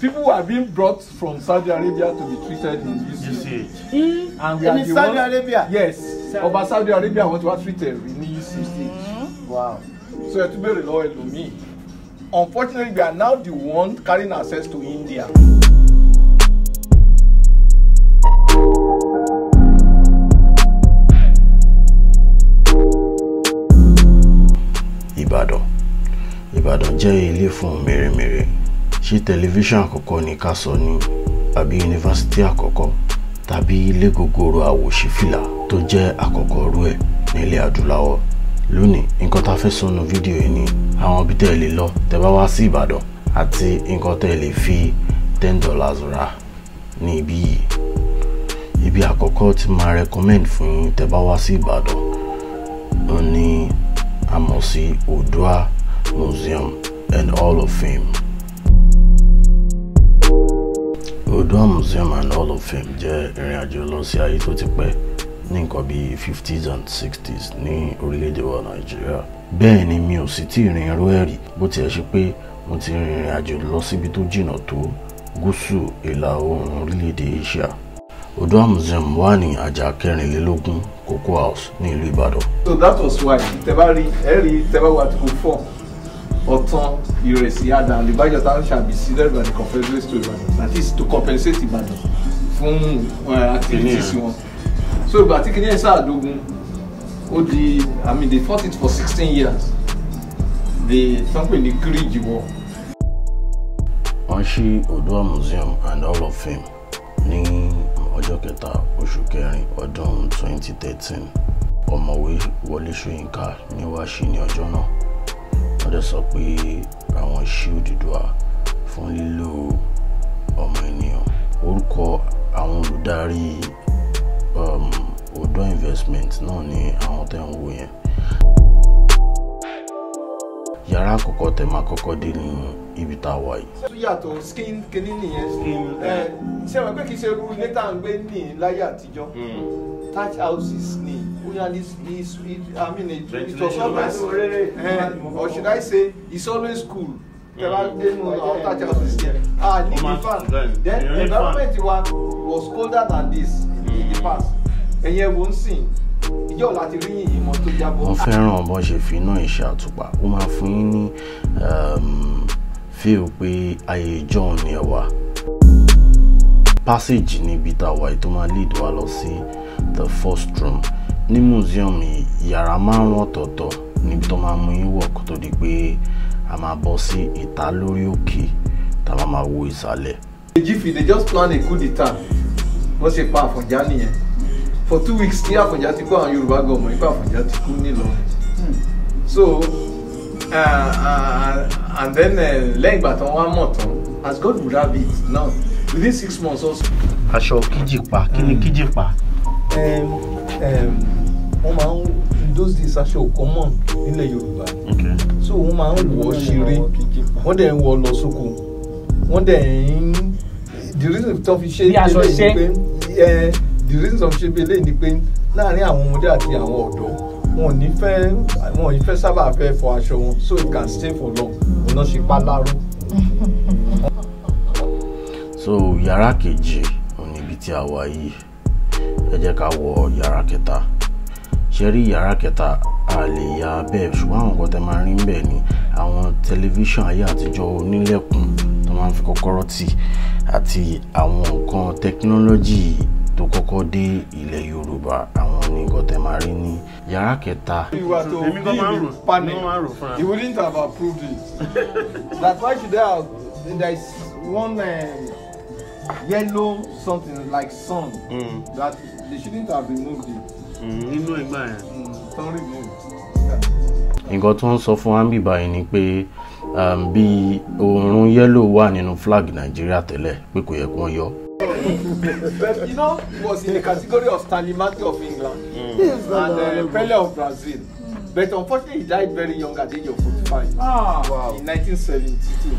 people are being brought from Saudi Arabia to be treated in UCH. Mm. And we are the Saudi ones, Arabia? Yes. Ọba Saudi Arabia wọ́n ti wá treated ní UCH. Hmm? Wow. So ẹ tún béèrè lọ́wọ́ ẹlòmíì. Unfortunately, we are now the one carrying access to India. Ibadan. Ìbàdàn jẹ́ ilé fún mèremère ṣé tẹlifíṣàn àkọ́kọ́ ni ká sọ ni àbí yunifásitì àkọ́kọ́ tàbí ilé gogoro àwòṣífìlà tó jẹ́ àkọ́kọ́ rú ẹ̀ nílẹ̀ adúláwọ̀ lónìí nǹkan tá a fẹ́ sọnù fídíò yìí ni àwọn ibi tẹ́ ẹ lè lọ tẹ́ bá wá sí Ìbàdàn àti nǹkan tẹ́ ẹ lè fi ten dollars rà ní ibi yìí ibi àkọ́kọ́ tí máa recommend fún yín tẹ́ bá wá sí Ìbàdàn ó ní a sí Odua Museum and Hall of Fame Odua Museum and Hall of Fame jẹ́ ìrìn àjò lọ sí ayé tó ti pẹ́ ní nǹkan bíi fifties and sixties ní orílẹ̀-èdè wa Nàìjíríà bẹ́ẹ̀ ni mi ò sì tí ì rìn irú ẹ̀ rí bó tiẹ̀ ṣe pé mo ti rìn ìrìn àjò lọ síbi tó jìnnà tó gúúsù ìlà oòrùn orílẹ̀-èdè Asia Odua Museum wà ní àjà kẹrìnlélógún Cocoa House ní ìlú Ìbàdàn. So that was why tẹ bá rí ẹ rí tẹ bá wà tó fọ. Otan, Iresiada, and the Bayelsa town shall be ceded by the Confederates to Ibadan. to compensate Ibadan fún activities eh, wọn. So ìgbà tí kìnìún sáà dogun, ó di I mean they fought it for sixteen years. They tán ní Kiriji war. Wọ́n ṣí Odua Museum and Hall of Fame ní ọjọ́ kẹta oṣù kẹrin ọdún 2013 ọ̀mọ̀wé Wọlé Ṣóyínká ni wàá ṣí ní ọjọ́ náà wọ́n dẹ̀ sọ pé àwọn ṣí Odùduwà fún lílo ọmọ ènìyàn orúkọ àwọn olùdarí um, Oòduà investment náà ni àwọn tẹ́ ń wò yẹn yàrá àkọ́kọ́ tẹ máa kọ́kọ́ dé ní ibi tá a wà yìí. ṣé yàtọ̀ skin kìíní nìyẹn skin ẹ eh. ṣé wọn pé kì í ṣe irú ilé tá à ń gbé ní láyé àtijọ́ hmm. thatch houses ni and it's, it's it, I mean it, it was always uh, or should I say it's always cool. Ah, the fan. Then development one was colder than this in the past. and wo ń sìn? Ìjọ́ láti rí ìmọ̀ tó jábọ̀. Wọ́n fẹ́ràn bọ́n ṣe fi iná ìṣe àtùpà. Ó máa fún yín ní um, fíìl pé ayé ìjọ́un ni ẹ wà. Passage níbi tá a tó máa lead wa lọ sí the first room ní museum yìí yàrá márùn ọ̀tọ̀ọ̀tọ̀ níbi tó máa mú yín wọ̀ kó tó di pé a máa bọ́ sí ìta lórí òkè tá a máa wo ìsàlẹ̀. ejifi dey just plan a coup d'etat wọ́n ṣe pa àfọ̀njá nìyẹn for two weeks kí àfọ̀njá ti kó àwọn yorùbá gan ọmọ ipa àfọ̀njá ti kú nílọrin so uh, uh, and then uh, lẹ́yìn ìgbà tán wọ́n á mọ̀ tán as God would have it now within six months also. aṣọ kíjì pa kí ni hmm. kíjì pa. Um, um, wọ́n máa ń those days aṣọ common nílẹ̀ Yorùbá so wọ́n máa ń wọ̀ ṣeré wọ́n dẹ̀ ń wọ̀ lọ sóko wọ́n dẹ̀ ń the reason tó fi ṣe é pé the reason tó fi ṣe é ni pé láàárín àwọn ọmọdé àti àwọn ọ̀dọ́ wọn ò ní fẹ́ wọn ò ní fẹ́ sábà fẹ́ fọ aṣọ wọn so it can stay for long ọ̀nà ṣe pa láró. so yàrá kejì òní ibi tí a wà yìí ẹ jẹ́ ká wọ yàrá kẹta ṣẹ́rí yàrá kẹta a bẹ́ẹ̀ ṣùgbọ́n àwọn nǹkan máa rí ń ni àwọn tẹlifíṣàn ayé àtijọ́ onílẹ̀kùn tó máa ń fi kọ́kọ́rọ́ tì àti àwọn nǹkan tẹkinọ́lọ́jì tó kọ́kọ́ dé ilẹ̀ yorùbá àwọn ní nǹkan máa rí ní yàrá kẹta. ìwà tó bí mi panel you wouldn't have approved it that's why today there is one uh, yellow something like sun mm. that they shouldn't have removed it nínú mm, ẹgbà yẹn. Mm, tọ́rì mi. nǹkan tó ń sọ fún ambi báyìí ni pé um, bí òórùn yẹ́lò wà nínú flag nàìjíríà tẹ́lẹ̀ pé kò yẹ kí wọ́n yọ. but you know he was in the category of Stanley Stalimati of England mm. and uh, Pele of Brazil mm. but unfortunately he died very young at the age of forty-five ah, wow. in nineteen seventy-two.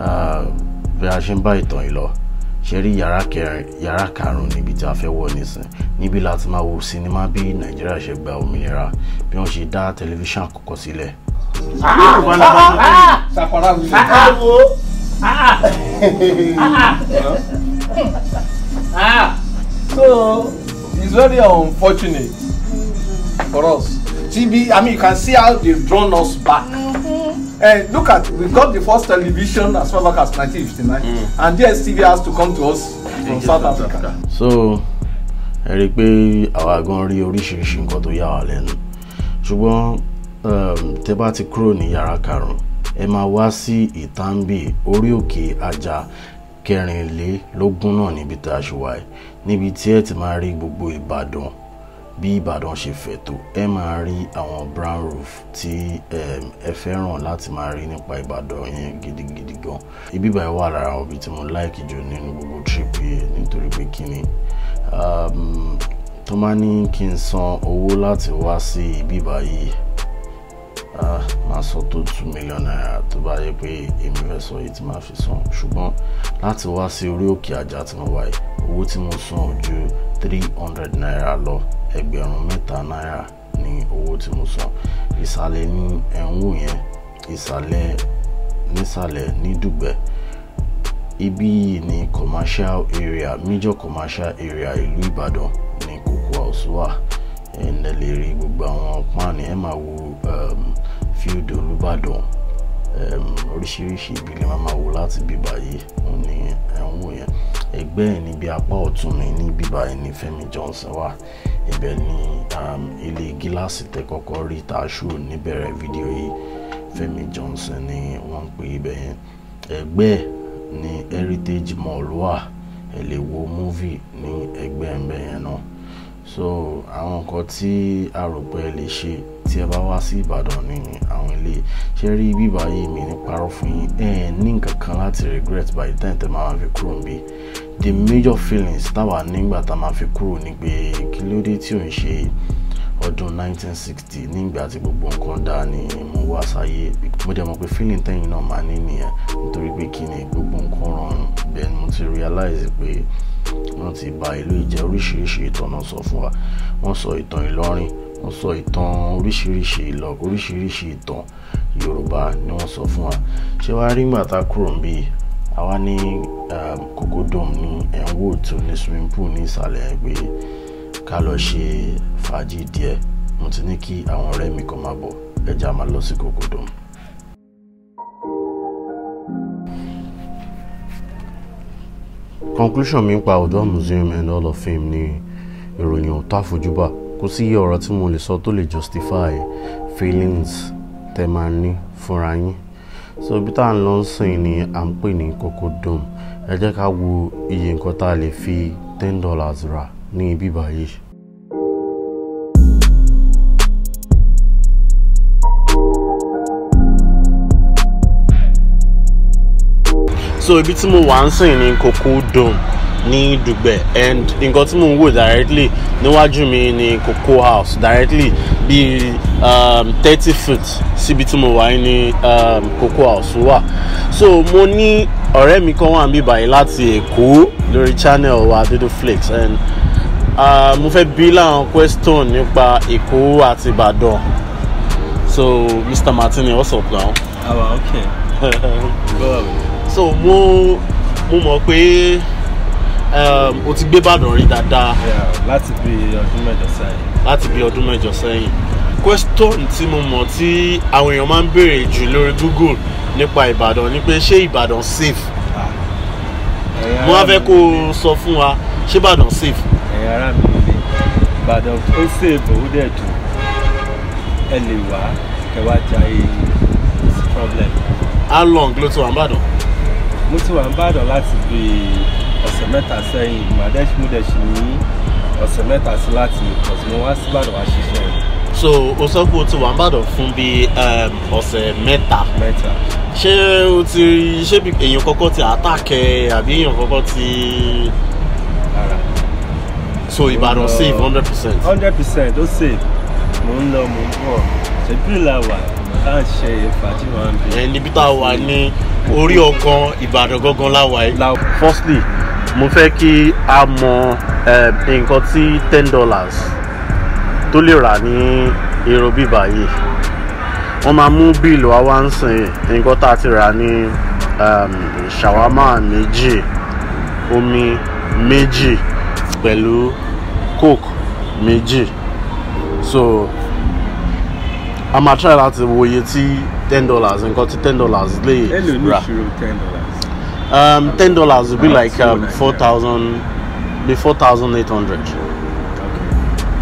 Ah, bí a ṣe ń bá ìtàn yìí lọ ṣe yàrá kẹrin yàrá karùnún níbi tí a fẹ́ wọ̀ nísìn níbi láti máa wo sinimá bí nàìjíríà ṣe gba òmìnira bí wọ́n ṣe dá tẹlifíṣàn àkọ́kọ́ sílẹ̀. so it's very unfortunate for us TB, i mean you can see how they drawn us back. Mm -hmm uh, look at we got the first television as far back as 1959 mm. and DSTV has to come to us from South Africa. so ẹ rí i pé àwa gan rí oríṣiríṣi nǹkan tó yà wá lẹ́nu ṣùgbọ́n um, tẹ bá ti kúrò ní yàrá karùn-ún ẹ máa wá sí ìtàǹbì orí òkè ajá kẹrìnlélógún náà níbi tá a ṣe wáyé níbi tí ẹ ti máa rí gbogbo Ìbàdàn bí Ìbàdàn ṣe fẹ̀ tó ẹ máa rí àwọn brown roof tí ẹ fẹ́ràn láti máa rí nípa Ìbàdàn yẹn gidigidi gan ibi báyìí wà lára àwọn ibi tí mo láìkì jù nínú gbogbo trip yìí nítorí pé kí ni tó máa ní kí n san owó láti wá sí ibi báyìí máa sọ tó two million naira tó bá yẹ pé èmi fẹ́ sọ èyí tí màá fi san ṣùgbọ́n láti wá sí orí òkè ajá tí mo wà yìí owó tí mo san ju three hundred naira lọ ẹgbẹ̀rún mẹ́ta náírà ni owó tí mo san ìsàlẹ̀ ní ẹ̀hún yẹn ìsàlẹ̀ nísàlẹ̀ ní dùgbẹ́ ibí yìí ní commercial area major commercial area ìlú Ìbàdàn ní Cocoa House and ẹ lè rí gbogbo àwọn ọ̀páàní ẹ máa wo um, field olùbàdàn um, oríṣiríṣi ìbílẹ̀ máa máa wo láti bíbá yìí òun ni ẹ ń wò yẹn ẹgbẹ́ ẹ̀ níbi apá ọ̀tún mi ní bíbá ẹ̀ ní Fẹ́mi Johnson wà ibẹ̀ ni um, ilé gíláàsì tẹ kọ́kọ́ rí tàṣù níbẹ̀rẹ̀ fídíò yìí Fẹ́mi Johnson ni wọ́n ń pè ibẹ̀ yẹn ẹgbẹ́ ẹ̀ Heritage Mall wà ẹ lè wo múvì ní ẹgbẹ́ ẹ̀ ń yẹn náà so àwọn nǹkan tí a rò pé ẹ lè ṣe tí ẹ bá wá sí Ìbàdàn ní àwọn ilé ṣe rí bíbá yìí mi ní parọ́ fún yín ẹ ní nǹkan kan láti regret by the time tẹ máa fi kúrò níbí the major feelings táwa nígbà tá a máa fi kúrò ní pé kí ló dé tí ò ń ṣe ọdún 1960 nígbà tí gbogbo nǹkan dá ní mo wá sáyé mo dẹ̀ mọ̀ pé feeling tẹ́yìn náà máa ní nìyẹn nítorí pé kí ni gbogbo nǹkan rọrùn bẹ́ẹ̀ ni mo ti realize pé wọ́n ti ba ìlú ìjẹ́ oríṣiríṣi ìtàn náà sọ fún wa wọ́n sọ ìtàn ìlọrin wọ́n sọ ìtàn oríṣiríṣi ìlọ oríṣiríṣi ìtàn yorùbá ni wọ́n sọ fún wa ṣé wàá rí ìgbà tá a kúrò níbí àwa ní ehm, kòkódùn ní ẹ̀wò tó ní swimming pool ní ìsàlẹ̀ ẹgbẹ́ ká lọ ṣe fàájì díẹ̀ mo ti ní kí àwọn ọ̀rẹ́ mi kan máa bọ̀ ẹja máa lọ sí kòkódùn. conclusion mi ń pa Odua museum and hall of fame ni ìròyìn ọ̀tá àfojúbà kò sí iye ọ̀rọ̀ tí mo lè sọ tó lè justify feelings tẹ́ máa ní fúnra yín so ibi tá à ń lọ sìn ni à ń pè ní Cocodome ẹ jẹ́ ká wo iye nǹkan tá a lè fi ten dollars ra ní ibi báyìí. so ibi tí mo wà ń sìn ní Cocoa Dome ní Dùgbẹ̀ and nǹkan tí mo ń wò directly níwájú mi ní Cocoa House directly bíi um, thirty feet síbi tí mo wà ní um, Cocoa House wà so mo ní ọ̀rẹ́ mi kan wà níbí báyìí láti Èkó lórí channel wa Dodo Flakes and uh, mo fẹ́ bí láwọn question nípa Èkó àti Ìbàdàn so Mr. Martini what's up now. Oh, okay. so mo mo mọ̀ pé um, o ti gbé Ìbàdàn rí dáadáa. láti bí ọdún mẹ́jọ sẹ́yìn. láti bí ọdún mẹ́jọ sẹ́yìn. question tí mo mọ̀ tí àwọn èèyàn máa ń béèrè jù lórí Google nípa Ìbàdàn ni pé ṣé Ìbàdàn safe? Ah, mo wá fẹ́ kó o sọ fún wa ṣé Ìbàdàn safe? ẹ̀yin ará mi nílé Ìbàdàn ó safe ó dẹ̀ dùn ẹ lè wá kẹwàá jayé problem. how long ló ti wà ní Ìbàdàn? mo ti wà ń bàdàn láti bí ọ̀sẹ̀ mẹ́ta sẹ́yìn màdẹ́sí mo dẹ̀ ṣì ní ọ̀sẹ̀ mẹ́ta sí láti ìkọ̀sí mo wá sí bàdàn wá ṣiṣẹ́ so o sọ pé o ti wà ń bàdàn fún bí um, ọ̀sẹ̀ mẹ́ta mẹ́ta ṣé o ti ṣé èèyàn kọ́kọ́ ti àtàkẹ́ àbí èèyàn kọ́kọ́ ti so ìbàdàn uh, save hundred percent. hundred percent ó save mò ń lọ mò ń bọ̀ ṣèbí làwà tá ń ṣe ìfàjì wọn bí. ẹ níbi tá a wà ní orí ọ̀gan ìbàdàn gangan láwa yìí. firstly mo fẹ́ kí a mọ eh, nǹkan tí ten dollars tó lè rà ní èrò bíbá yìí wọ́n máa mú bíìlì wá wá ń sìn nǹkan tá a ti rà ní ehm, ṣàwámà méjì omi méjì pẹ̀lú coke méjì so a máa try láti wo iye tí ten dollars nǹkan tí ten dollars Ten dollars. um, ten dollars would be like um, four thousand be four thousand eight hundred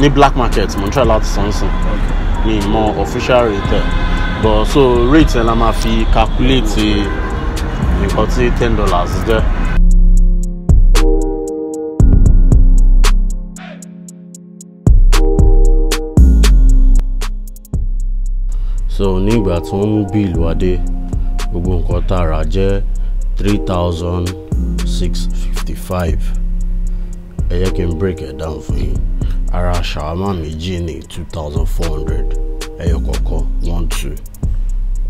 ní black market Montreal n try láti san official rate but so rate yẹn la ma fi calculate nǹkan tí ten dollars jẹ́. so ní ìgbà tí wọ́n mú bíìlì wá dé gbogbo nǹkan tààrà jẹ́ three thousand six fifty five ẹ jẹ́ kí n break it down for you. ara ṣàwámà méjì ní two thousand four hundred ẹyọ kọ̀ọ̀kan one two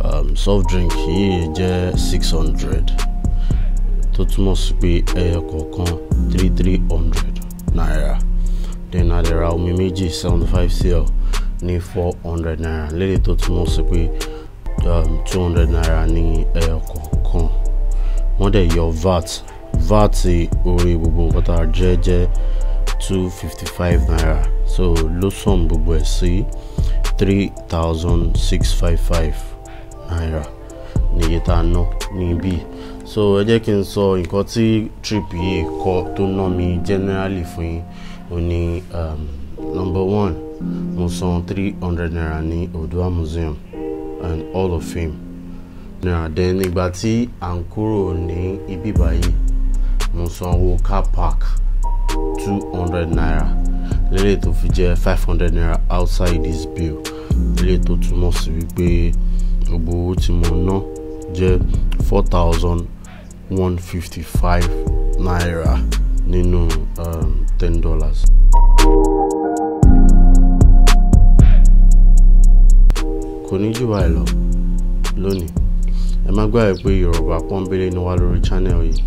um, soft drink yìí jẹ́ six hundred tó túmọ̀ sí pé ẹyọ kọ̀ọ̀kan three three hundred naira then a lè ra omi méjì seventy five cl ní four hundred naira lédè tó túmọ̀ sí pé um, two hundred naira ní ẹ̀ẹ̀kọ̀ọ̀kan wọ́n dẹ̀ yọ vat vat orí gbogbo nǹkan tá a jẹ́ jẹ́ two fifty five naira so ló sọ̀m gbogbo ẹ̀ sí three thousand six five five naira níye tá a ná níbí so ẹ jẹ́ kí n sọ nǹkan tí trip yìí kọ́ tó ná mi generally fún yín ó ní. Um, number one mo san three hundred naira ní Odua museum and hall of fame naira then nígbà tí à ń kúrò ní ibí báyìí mo san car park two hundred naira lélẹ̀ tó fi jẹ́ five hundred naira outside this bill lélẹ̀ tó túmọ̀ sí wípé gbogbo owó tí mo ná jẹ́ four thousand one fifty five naira nínú um, ten dollars. kò ní jù báyìí lọ lónìí ẹ má gbàgbé pé yorùbá pọ́nbélé ni wá lórí channel yìí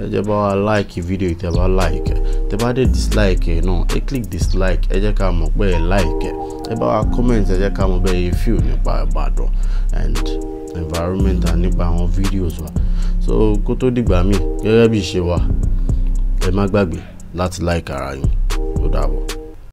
ẹ jẹ́ bá wa like video tẹ́ bá like ẹ tẹ́ bá dé dislike ẹ náà ẹ click dislike ẹ jẹ́ ká mọ̀ pé ẹ like ẹ ẹ bá wa comment ẹ jẹ́ ká mọ̀ bẹ́ẹ̀ feel nípa ìbàdàn and environment and nípa àwọn videos wa so kó tó dìgbà míì gẹ́gẹ́ bí ìṣe wa ẹ má gbàgbé láti like ara yín ó dàbọ̀.